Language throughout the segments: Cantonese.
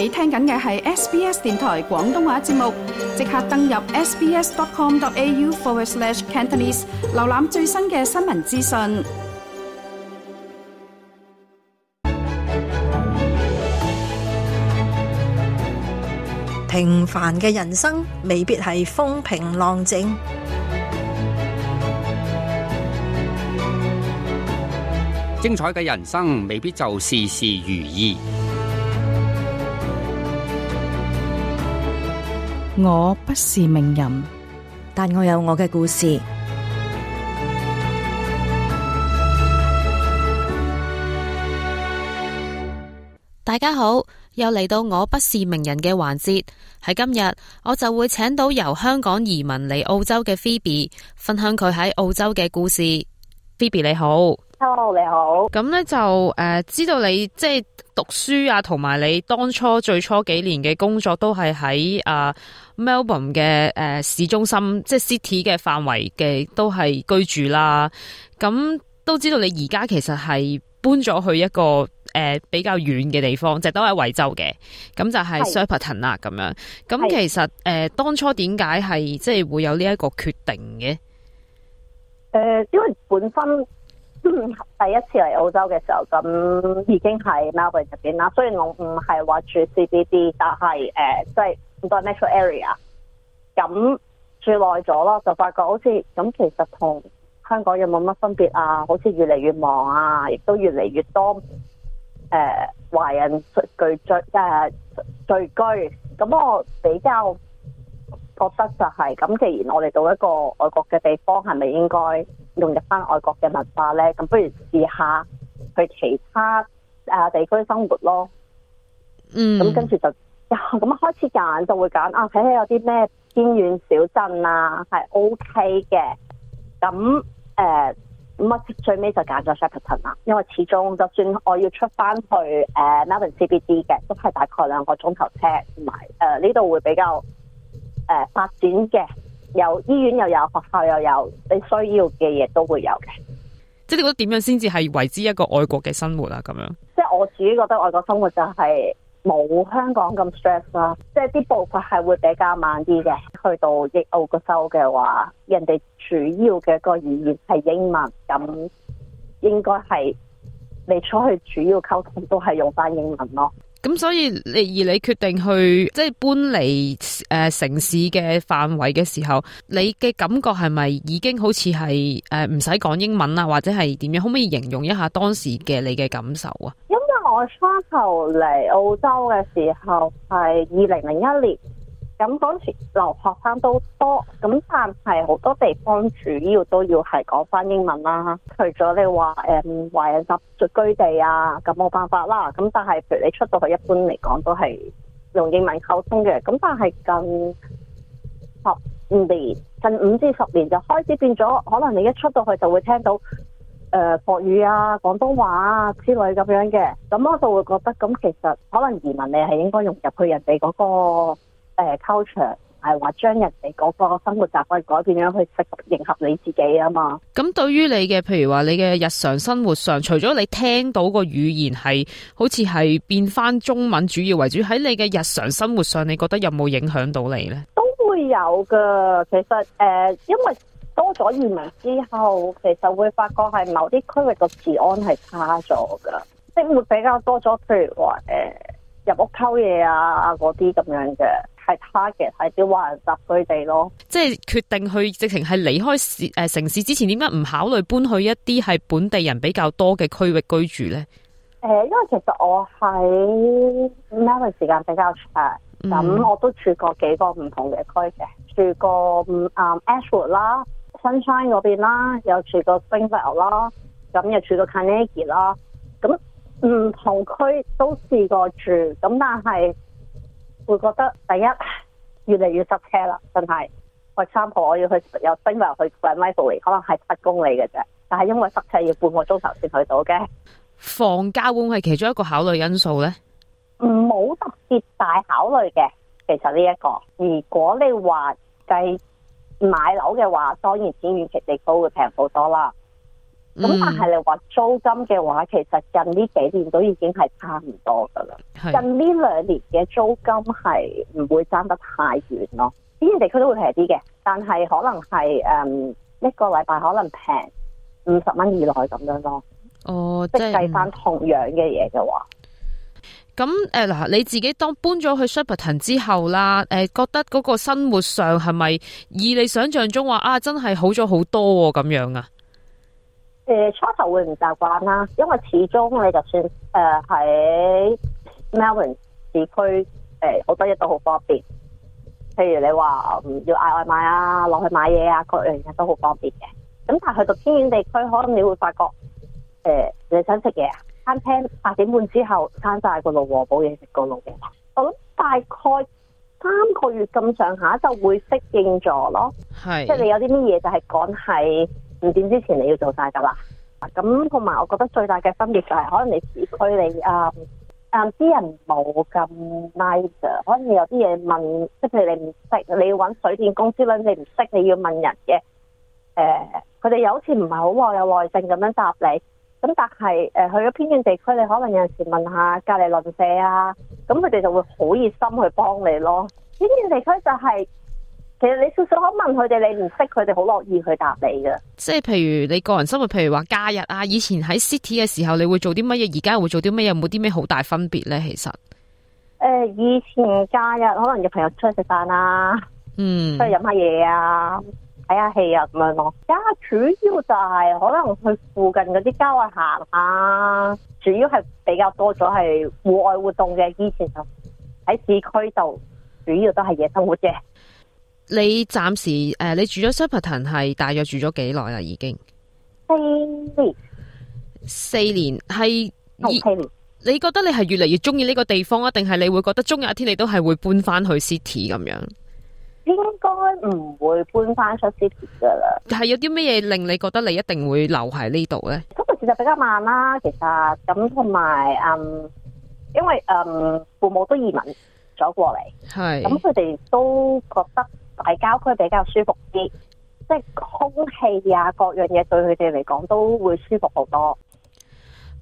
你聽緊嘅係 SBS 電台廣東話節目，即刻登入 sbs.com.au forward slash Cantonese，瀏覽最新嘅新聞資訊。平凡嘅人生未必係風平浪靜，精彩嘅人生未必就事事如意。我不是名人，但我有我嘅故事。大家好，又嚟到我不是名人嘅環節。喺今日，我就會請到由香港移民嚟澳洲嘅 Phoebe，分享佢喺澳洲嘅故事。Phoebe，你好。Hello，你好，咁咧就誒、呃，知道你即係、就是、讀書啊，同埋你當初最初幾年嘅工作都係喺啊 Melbourne 嘅誒、呃、市中心，即、就、係、是、City 嘅範圍嘅都係居住啦。咁、嗯、都知道你而家其實係搬咗去一個誒、呃、比較遠嘅地方，就是、都喺維州嘅。咁就係 Shepparton 啊，咁樣。咁、嗯、是其實誒、呃、當初點解係即係會有呢一個決定嘅？誒、呃，因為本身。第一次嚟澳洲嘅時候，咁已經喺 Melbourne 入邊啦。雖然我唔係話住 CBD，但係誒，即、呃、係唔、就、多、是、natural area 咁、嗯、住耐咗咯，就發覺好似咁其實同香港有冇乜分別啊？好似越嚟越忙啊，亦都越嚟越多誒華、呃、人聚聚誒聚居。咁、嗯、我比較。覺得就係、是、咁，既然我哋到一個外國嘅地方，係咪應該融入翻外國嘅文化呢？咁不如試下去其他啊地區生活咯。嗯。咁跟住就呀，咁開始揀就會揀啊，睇、哎、睇有啲咩偏遠小鎮啊，係 O K 嘅。咁誒乜最尾就揀咗 Shepparton 啦，因為始終就算我要出翻去誒 Melbourne C B D 嘅，都係大概兩個鐘頭車，同埋誒呢度會比較。誒，發展嘅有醫院，又有學校，又有你需要嘅嘢都會有嘅。即係你覺得點樣先至係為之一個外國嘅生活啊？咁樣。即係我自己覺得外國生活就係冇香港咁 stress 啦，即係啲步伐係會比較慢啲嘅。去到益澳洲嘅話，人哋主要嘅個語言係英文，咁應該係你出去主要溝通都係用翻英文咯。咁所以你而你決定去即係搬離誒、呃、城市嘅範圍嘅時候，你嘅感覺係咪已經好似係誒唔使講英文啊，或者係點樣？可唔可以形容一下當時嘅你嘅感受啊？因為我初頭嚟澳洲嘅時候係二零零一年。咁嗰時留學生都多，咁但係好多地方主要都要係講返英文啦。除咗你話誒、嗯、華人集聚居地啊，咁冇辦法啦。咁但係譬如你出到去，一般嚟講都係用英文溝通嘅。咁但係近十年、近五至十年就開始變咗，可能你一出到去就會聽到誒國、呃、語啊、廣東話啊之類咁樣嘅。咁我就會覺得，咁其實可能移民你係應該融入去人哋、那、嗰個。誒，culture 係話將人哋嗰個生活習慣改變咗，去適合迎合你自己啊嘛。咁對於你嘅，譬如話你嘅日常生活上，除咗你聽到個語言係好似係變翻中文主要為主，喺你嘅日常生活上，你覺得有冇影響到你呢？都會有噶。其實誒、呃，因為多咗移民之後，其實會發覺係某啲區域個治安係差咗噶，即係會比較多咗，譬如話誒、呃、入屋偷嘢啊，嗰啲咁樣嘅。係 target，係啲華人集居地咯。即係決定去，直情係離開市誒、呃、城市之前，點解唔考慮搬去一啲係本地人比較多嘅區域居住咧？誒、呃，因為其實我喺 m a r 時間比較長，咁、嗯嗯、我都住過幾個唔同嘅區嘅，住過、嗯、Ashwood 啦、Sunshine 嗰邊啦，又住過 Springfield 啦，咁又住過 Carnegie 啦，咁唔同區都試過住，咁但係。會覺得第一越嚟越塞車啦，真係我三號我要去又因為去粉米道嚟，可能係七公里嘅啫，但係因為塞車要半個鐘頭先去到嘅。房價會唔會係其中一個考慮因素咧？冇特別大考慮嘅，其實呢、這、一個，如果你話計買樓嘅話，當然錢遠遠其地高會平好多啦。咁、嗯、但係你話租金嘅話，其實近呢幾年都已經係差唔多噶啦。是近呢兩年嘅租金係唔會爭得太遠咯。啲地區都會平啲嘅，但係可能係誒、嗯、一個禮拜可能平五十蚊以內咁樣咯。哦，即係計翻同樣嘅嘢嘅話，咁誒嗱，你自己當搬咗去 Shepparton 之後啦，誒、呃、覺得嗰個生活上係咪以你想象中話啊真係好咗好多咁樣啊？初頭會唔習慣啦，因為始終你就算誒喺 Melbourne 市區誒好多嘢都好方便，譬如你話唔要嗌外賣啊，落去買嘢啊，各樣嘢都好方便嘅。咁但係去到偏遠地區，可能你會發覺誒、呃，你想食嘢，餐廳八點半之後關曬個路，冇嘢食個路嘅。我諗大概三個月咁上下就會適應咗咯，係是，即係你有啲乜嘢就係講係，五點之前你要做晒㗎喇，咁同埋我覺得最大嘅分別就係，可能你市區你誒誒啲人冇咁 nice，可能你有啲嘢問，即係譬如你唔識，你要搵水電公司啦，你唔識你要問人嘅，誒、呃，佢哋又好似唔係好有耐性咁樣答你，咁但係誒、呃、去咗偏遠地區，你可能有陣時問一下隔籬鄰舍啊，咁佢哋就會好熱心去幫你咯，呢啲地區就係、是。其實你少少可問佢哋，你唔識佢哋好樂意去答你嘅。即係譬如你個人生活，譬如話假日啊，以前喺 city 嘅時候，你會做啲乜嘢？而家會做啲乜嘢？有冇啲咩好大分別咧？其實誒、呃，以前假日可能有朋友出去食飯啊，嗯，出去飲下嘢啊，睇下戲啊咁樣咯，啊。而家主要就係、是、可能去附近嗰啲郊外行下，啊，主要係比較多咗係戶外活動嘅。以前就喺市區度，主要都係夜生活啫。你暫時誒、呃，你住咗 Shepparton 係大約住咗幾耐啦？已經四年，四年係。OK。年你覺得你係越嚟越中意呢個地方啊？定係你會覺得終有一天你都係會搬翻去 City 咁樣？應該唔會搬翻出 City 噶啦。係有啲咩嘢令你覺得你一定會留喺呢度咧？嗰個其實比較慢啦，其實咁同埋嗯，因為嗯父母都移民咗過嚟，係咁佢哋都覺得。喺郊區比較舒服啲，即係空氣啊，各樣嘢對佢哋嚟講都會舒服好多。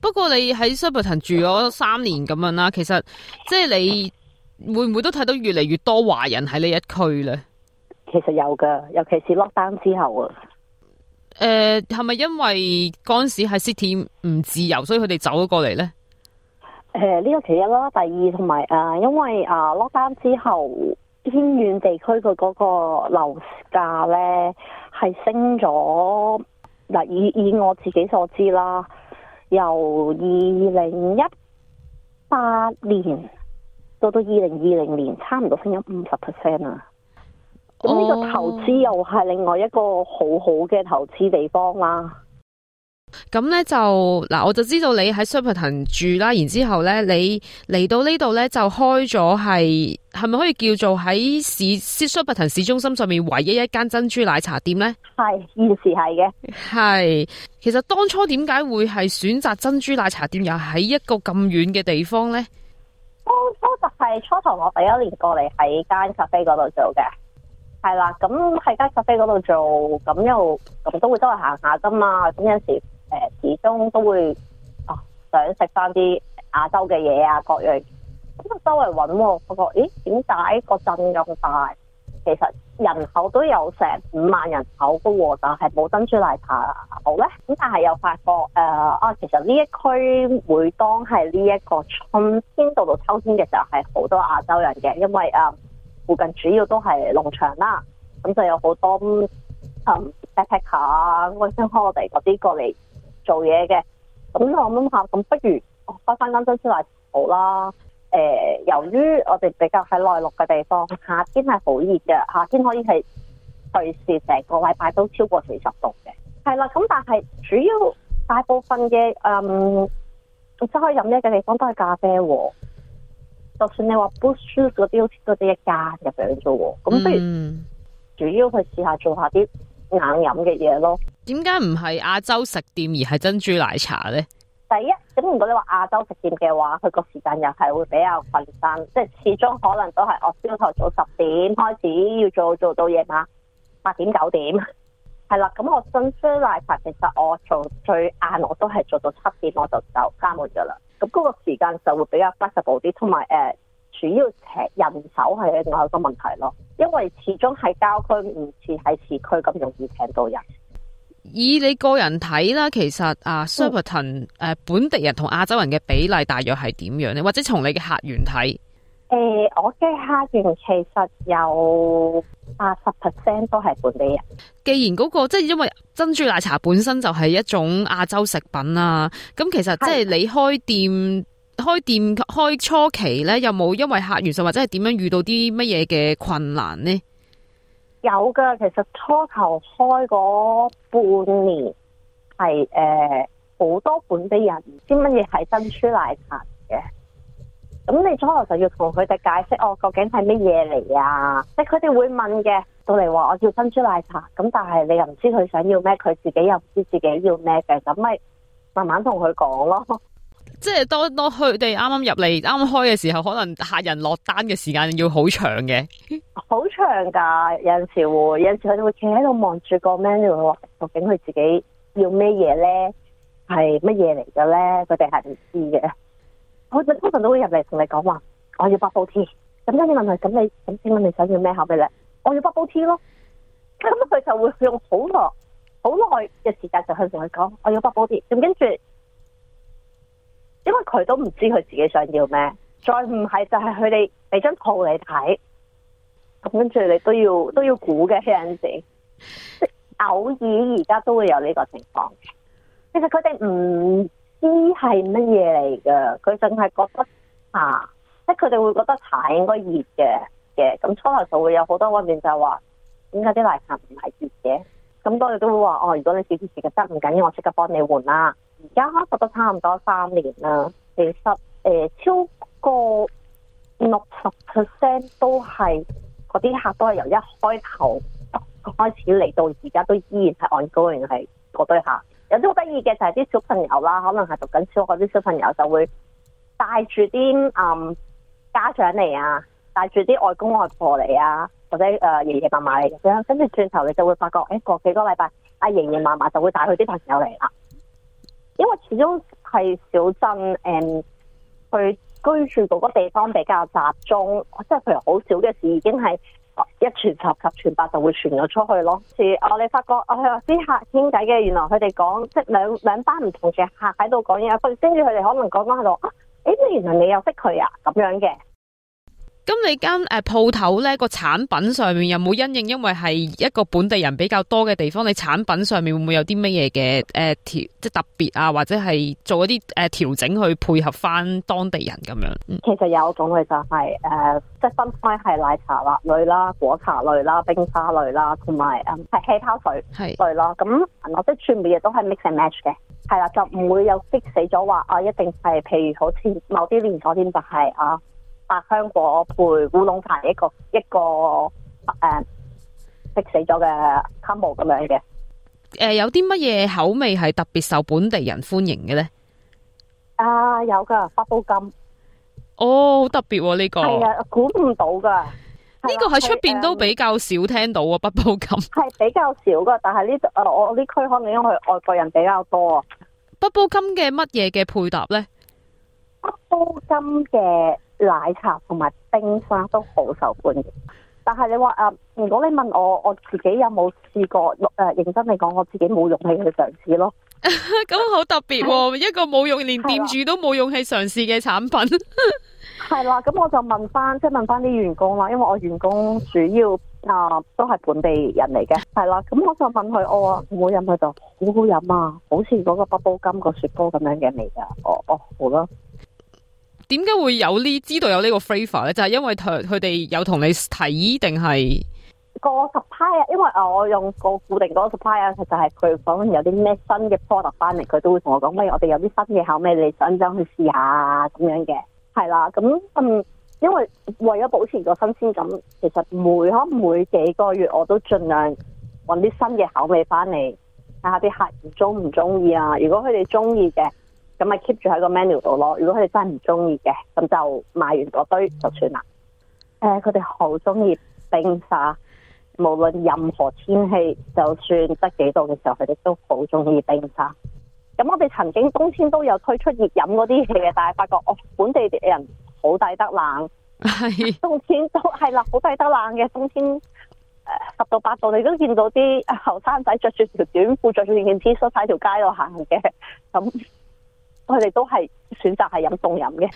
不過你喺 Shepparton 住咗三年咁樣啦，其實即係你會唔會都睇到越嚟越多華人喺呢一區呢？其實有噶，尤其是 lockdown 之後啊。誒、呃，係咪因為嗰陣時喺 City 唔自由，所以佢哋走咗過嚟呢？誒、呃，呢、這個其一啦，第二同埋誒，因為啊 lockdown 之後。偏遠地區佢嗰個樓價呢，係升咗，嗱以以我自己所知啦，由二零一八年到到二零二零年，差唔多升咗五十 percent 啊！咁呢、oh. 個投資又係另外一個很好好嘅投資地方啦。咁咧就嗱，我就知道你喺 Shepparton 住啦。然後之後咧，你嚟到呢度咧就開咗係，係咪可以叫做喺市 Shepparton 市中心上面唯一一間珍珠奶茶店咧？係，現時係嘅。係，其實當初點解會係選擇珍珠奶茶店，又喺一個咁遠嘅地方咧？當初就係初頭我第一年過嚟喺間咖啡嗰度做嘅，係啦。咁喺間咖啡嗰度做，咁又咁都會都係行下噶嘛？咁有時。誒，始終都會啊，想食翻啲亞洲嘅嘢啊，各樣咁就周圍搵喎。我覺得，咦，點解個鎮咁大，其實人口都有成五萬人口嘅、啊，但係冇珍珠奶茶好咧。咁但係又發覺誒、啊，啊，其實呢一區每當係呢一個春天到到秋天嘅時候，係好多亞洲人嘅，因為啊，附近主要都係農場啦、啊，咁就有好多嗯，backpacker 啊，working holiday 我哋嗰啲過嚟。做嘢嘅，咁我諗下，咁不如我翻間珍珠奶茶鋪啦。誒，由於我哋比較喺內陸嘅地方，夏天係好熱嘅，夏天可以係隨時成個禮拜都超過四十度嘅。係啦，咁但係主要大部分嘅嗯，即可以飲咩嘅地方都係咖啡喎。就算你話布 s 嗰啲好似都得一家入樣啫喎。咁不如主要去試下做下啲。硬飲嘅嘢咯，點解唔係亞洲食店而係珍珠奶茶呢？第一，咁如果你話亞洲食店嘅話，佢個時間又係會比較分散，即係始終可能都係我朝頭早十點開始要做做到夜晚八點九點，係啦。咁 我珍珠奶茶其實我做最晏我都係做到七點我就走關門咗啦。咁嗰個時間就會比較 flexible 啲，同埋誒。主要請人手係另外一個問題咯，因為始終喺郊區唔似喺市區咁容易請到人。以你個人睇啦，其實啊，哦，Shepparton 本地人同亞洲人嘅比例大約係點樣呢？或者從你嘅客源睇，誒，哎，我嘅客源其實有八十 percent 都係本地人。既然嗰個即係因為珍珠奶茶本身就係一種亞洲食品啊，咁其實即係你開店。開店開初期呢，有冇因為客源，就或者係點樣遇到啲乜嘢嘅困難呢？有噶，其實初頭開嗰半年係誒好多本地人唔知乜嘢係珍珠奶茶嘅，咁你初頭就要同佢哋解釋，我、啊、究竟係乜嘢嚟啊？即係佢哋會問嘅，到嚟話我要珍珠奶茶，咁但係你又唔知佢想要咩，佢自己又唔知自己要咩嘅，咁咪慢慢同佢講咯。即係多多去你剛剛進來剛剛開，哋啱啱入嚟啱開嘅時候，可能客人落單嘅時間要好長嘅，好長噶。有陣時會，有陣時佢哋會企喺度望住個 menu，究竟佢自己要咩嘢咧？係乜嘢嚟嘅咧？佢哋係唔知嘅。我通常都會入嚟同你講話，我要 bubble tea。咁跟住問佢，咁你請問你想要咩口味咧？我要 bubble tea 咯。咁佢就會用好耐、好耐嘅時間就向同佢講，我要 bubble tea。咁跟住。因為佢都唔知佢自己想要咩，再唔係就係佢哋俾張圖你睇，咁跟住你都要都要估嘅性質， 偶爾而家都會有呢個情況。其實佢哋唔知係乜嘢嚟嘅，佢淨係覺得啊，即係佢哋會覺得茶應該熱嘅，嘅咁初頭就會有好多方面就係話點解啲奶茶唔係熱嘅？咁多人都會話哦，如果你少少食嘅得唔緊要，我即刻幫你換啦。而家開舖得差唔多三年啦。其實誒，超過六十 percent 都係嗰啲客，都係由一開頭開始嚟到而家都依然係按高齡係嗰堆客。有啲好得意嘅就係啲小朋友啦，可能係讀緊小學嗰啲小朋友就會帶住啲嗯家長嚟啊，帶住啲外公外婆嚟啊，或者誒爺爺嫲嫲嚟咁樣。跟住轉頭你就會發覺，誒過幾個禮拜，阿爺爺嫲嫲就會帶佢啲朋友嚟啦。因為始終係小鎮，誒、嗯，佢居住嗰個地方比較集中，即、就、係、是、譬如好少嘅事，已經係一傳十，十傳百就會傳咗出去咯。似我哋發覺，我喺話啲客傾偈嘅，原來佢哋講即係兩兩班唔同嘅客喺度講嘢，跟住佢哋可能講講喺度啊，誒、欸，原來你又識佢啊，咁樣嘅。咁你間誒鋪頭呢個產品上面有冇因應，因為係一個本地人比較多嘅地方，你產品上面會唔會有啲乜嘢嘅誒調即係特別啊，或者係做一啲誒調整去配合翻當地人咁樣？其實有種類就係、是、誒、呃，即係分開係奶茶類啦、果茶類啦、冰沙類啦，同埋啊係氣泡水係類咯。咁是我即全部嘢都係 mix and match 嘅，係啦，就唔會有逼死咗話啊，一定係譬如好似某啲連鎖店就係、是、啊。百香果配烏龍茶，一個一個誒，食、啊、死咗嘅卡姆咁樣嘅。誒、呃，有啲乜嘢口味係特別受本地人歡迎嘅咧？啊，有噶，八寶金。哦，好特別呢、啊這個。係啊，估唔到噶。呢個喺出邊都比較少聽到啊，八寶金。係 比較少噶，但係呢誒，我呢區可能因為外國人比較多啊。八寶金嘅乜嘢嘅配搭咧？八寶金嘅。奶茶同埋冰沙都好受歡迎，但係你話誒、呃，如果你問我，我自己有冇試過，誒、呃、認真嚟講，我自己冇勇氣去嘗試咯。咁好 特別，哦，呃、一個冇用，連店主都冇勇氣嘗試嘅產品。係 啦，咁我就問翻，即係問翻啲員工啦，因為我員工主要啊、呃、都係本地人嚟嘅，係啦，咁我就問佢，我話唔好飲，佢就好好飲啊，好似嗰個 bubble gum 個雪糕咁樣嘅味噶哦哦好啦。點解會有呢？知道有個呢個 favor 咧，就係、是，因為佢、佢哋有同你提，定係個 supplier？因為我用個固定嗰個 supplier，就係佢講有啲咩新嘅 product 翻嚟，佢都會同我講，喂，我哋有啲新嘅口味，你想唔想去試下咁樣嘅？係啦，咁、嗯、因為為咗保持個新鮮感，其實每可每幾個月我都盡量揾啲新嘅口味翻嚟，睇下啲客人中唔中意啊。如果佢哋中意嘅，咁咪 keep 住喺個 menu 度咯。如果佢哋真係唔中意嘅，咁就賣完嗰堆就算啦。誒、呃，佢哋好中意冰沙，無論任何天氣，就算得幾度嘅時候，佢哋都好中意冰沙。咁我哋曾經冬天都有推出熱飲嗰啲嘢，但係發覺哦，本地人好抵得冷， 冬天都係啦，好抵得冷嘅冬天，十到八度，你都見到啲後生仔着住條短褲，着住件 T 恤喺條街度行嘅咁。佢哋都係選擇係飲凍飲嘅。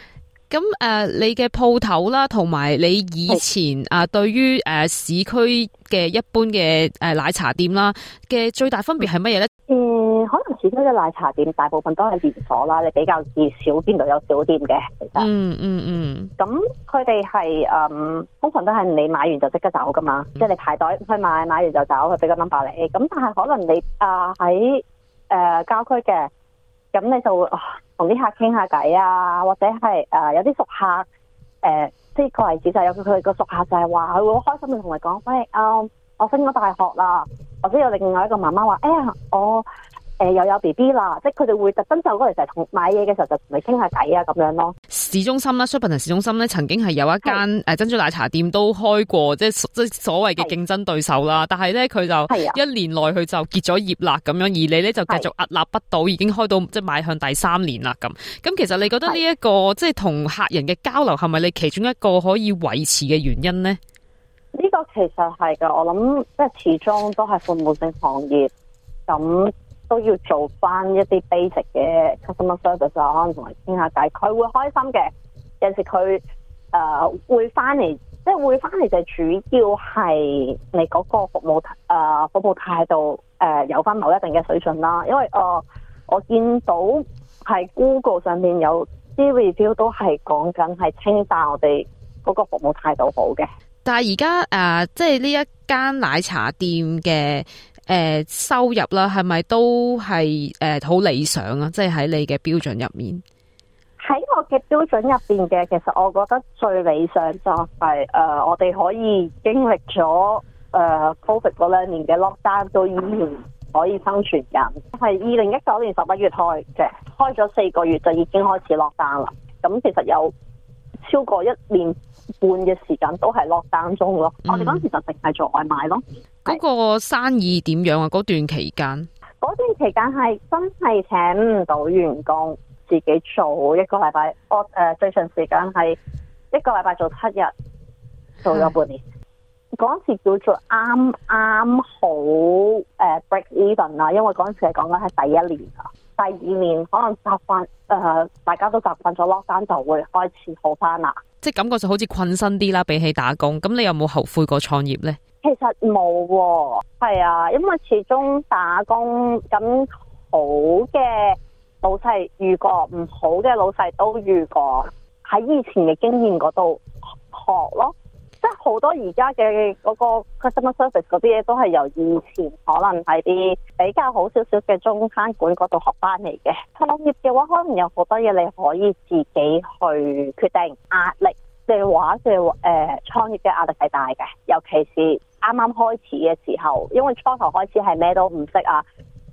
咁誒、嗯呃，你嘅鋪頭啦，同埋你以前啊，對於誒市區嘅一般嘅誒奶茶店啦嘅最大分別係乜嘢咧？誒、嗯，可能市區嘅奶茶店大部分都係連鎖啦，你比較少邊度有小店嘅其實、嗯。嗯他們是嗯嗯。咁佢哋係誒，通常都係你買完就即刻走噶嘛，即係、嗯、你排隊去買，買完就走，佢俾個 number 你。咁但係可能你啊喺誒郊區嘅。咁你就會同啲客傾下偈啊，或者係，呃、有啲熟客，呃、即係個例子就係有佢佢個熟客就係話佢會好開心地同你講，喂，嗯、我升咗大學啦，或者有另外一個媽媽話，哎呀我。誒，又有 B B 啦，即係佢哋會特登就過嚟就同買嘢嘅時候就同你傾下偈啊，咁樣咯。市中心啦 Shepparton 市中心咧，曾經係有一間誒珍珠奶茶店都開過，是即係即係所謂嘅競爭對手啦。是但係咧，佢就一年內佢就結咗業啦，咁樣。而你咧就繼續屹立不倒，是已經開到即係邁向第三年啦。咁咁，其實你覺得呢、這、一個是即係同客人嘅交流係咪你其中一個可以維持嘅原因咧？呢個其實係㗎，我諗即係始終都係服務性行業咁。都要做翻一啲 basic 嘅 customer service 啊，可能同埋傾下偈，佢會開心嘅。有時佢誒會翻嚟，即係會翻嚟就主要係你嗰個服務誒、呃、服務態度誒、呃、有翻某一定嘅水準啦。因為我、呃、我見到喺 Google 上面有啲 review 都係講緊係稱讚我哋嗰個服務態度好嘅。但係而家誒，即係呢一間奶茶店嘅。誒，收入啦，係咪都係誒好理想啊？即係喺你嘅標準入面，喺我嘅標準入邊嘅，其實我覺得最理想就係、是、誒、呃，我哋可以經歷咗誒，COVID 嗰兩年嘅 lockdown，都依然可以生存緊。係二零一九年十一月開嘅，開咗四個月就已經開始 lockdown 啦。咁其實有超過一年半嘅時間都係 lockdown 中咯。嗯、我哋嗰時就淨係做外賣咯。嗰是個生意點樣啊？嗰段期間，嗰段期間係真係請唔到員工，自己做一個禮拜。我誒最長時間係一個禮拜做七日，做咗半年。嗰 時叫做啱啱好誒 break even 啦，因為嗰時係講緊係第一年啊。第二年可能習慣誒，大家都習慣咗落嚟就會開始好翻啦。即係感覺就好似困身啲啦，比起打工。咁你有冇後悔過創業咧？其實冇喎、啊，係啊，因為始終打工咁好嘅老細遇過，唔好嘅老細都遇過。喺以前嘅經驗嗰度學咯，即係好多而家嘅嗰個 customer service 嗰啲嘢都係由以前可能係啲比較好少少嘅中餐館嗰度學翻嚟嘅。創業嘅話，可能有好多嘢你可以自己去決定。壓力嘅話的，嘅、呃、誒，創業嘅壓力係大嘅，尤其是。啱啱開始嘅時候，因為初頭開始係咩都唔識啊，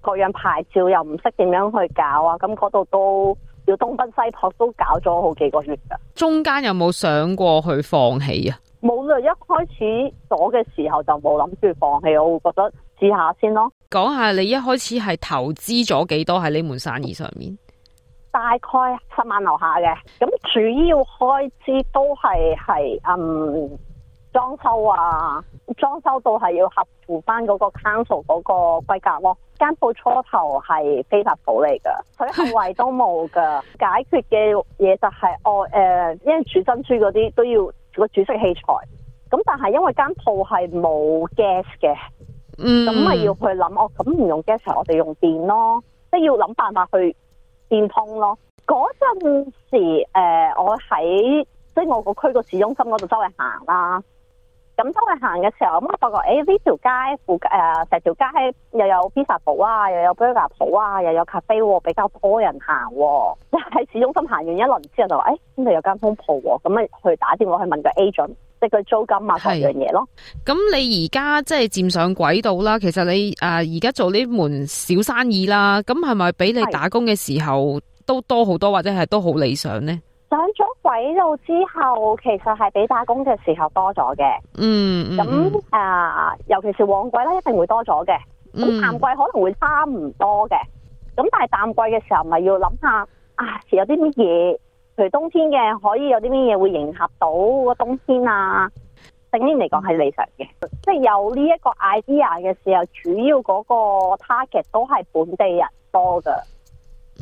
各樣牌照又唔識點樣去搞啊，咁嗰度都要東奔西撲，都搞咗好幾個月噶。中間有冇想過去放棄啊？冇啦，一開始咗嘅時候就冇諗住放棄，我會覺得試下先咯。講下你一開始係投資咗幾多喺呢門生意上面？大概十萬樓下嘅，咁主要開支都係係嗯。裝修啊，裝修到係要合符翻嗰個 council 嗰個規格咯。間鋪初頭係非法鋪嚟嘅，佢行為都冇噶。 解決嘅嘢就係、是、哦、呃、因為煮珍珠嗰啲都要個煮食器材。咁但係因為間鋪係冇 gas 嘅，咁咪、嗯、要去諗哦，咁唔用 gas 我哋用電咯，即要諗辦法去電通咯。嗰陣時、呃、我喺即係我個區個市中心嗰度周圍行啦、啊。咁當佢行嘅時候，咁我發覺，呢、欸、條街附近成條街又有披薩鋪啊，又有 burger 鋪啊，又有咖啡喎，比較多人行喎。喺市中心行完一輪之後就，就、欸、話，誒，邊度有間通鋪喎？咁、嗯、咪去打電話去問個 agent，即係佢租金啊，同樣嘢咯。咁你而家即係漸上軌道啦。其實你而家、呃、做呢門小生意啦，咁係咪比你打工嘅時候是都多好多，或者係都好理想咧？上咗軌道之後，其實係比打工嘅時候多咗嘅、嗯。嗯，咁啊，尤其是旺季咧，一定會多咗嘅。咁、嗯、淡季可能會差唔多嘅。咁但係淡季嘅時候不是想，咪要諗下啊，有啲乜嘢？譬如冬天嘅，可以有啲乜嘢會迎合到個冬天啊？整體嚟講係理想嘅。即、就、係、是、有呢一個 idea 嘅時候，主要嗰個 target 都係本地人多噶。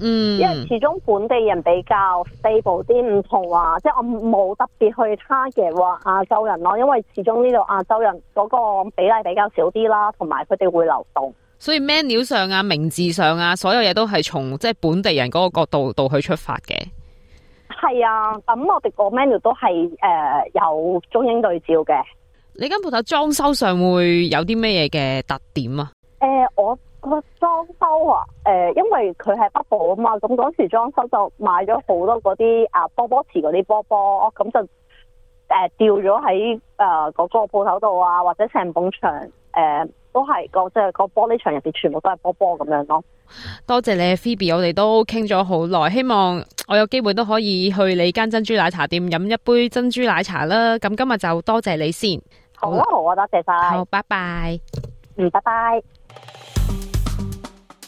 嗯，因為始終本地人比較 stable 啲，唔同話即係我冇特別去 target 話亞洲人咯，因為始終呢度亞洲人嗰個比例比較少啲啦，同埋佢哋會流動。所以 menu 上啊、名字上啊，所有嘢都係從即係本地人嗰個角度度去出發嘅。係啊，咁、嗯、我哋個 menu 都係誒、呃、有中英對照嘅。你間鋪頭裝修上會有啲咩嘢嘅特點啊？誒、呃，我。個裝修啊，誒、呃，因為佢係北部啊嘛，咁嗰時裝修就買咗好多嗰啲啊波波池嗰啲波波，咁就誒、呃、吊咗喺誒嗰個鋪頭度啊，或者成埲牆、呃、誒都係個即係個玻璃牆入邊全部都係波波咁樣咯。多謝你，Phoebe，我哋都傾咗好耐，希望我有機會都可以去你間珍珠奶茶店飲一杯珍珠奶茶啦。咁今日就多謝你先，好啊好啊，多謝晒，好，拜拜，嗯，拜拜。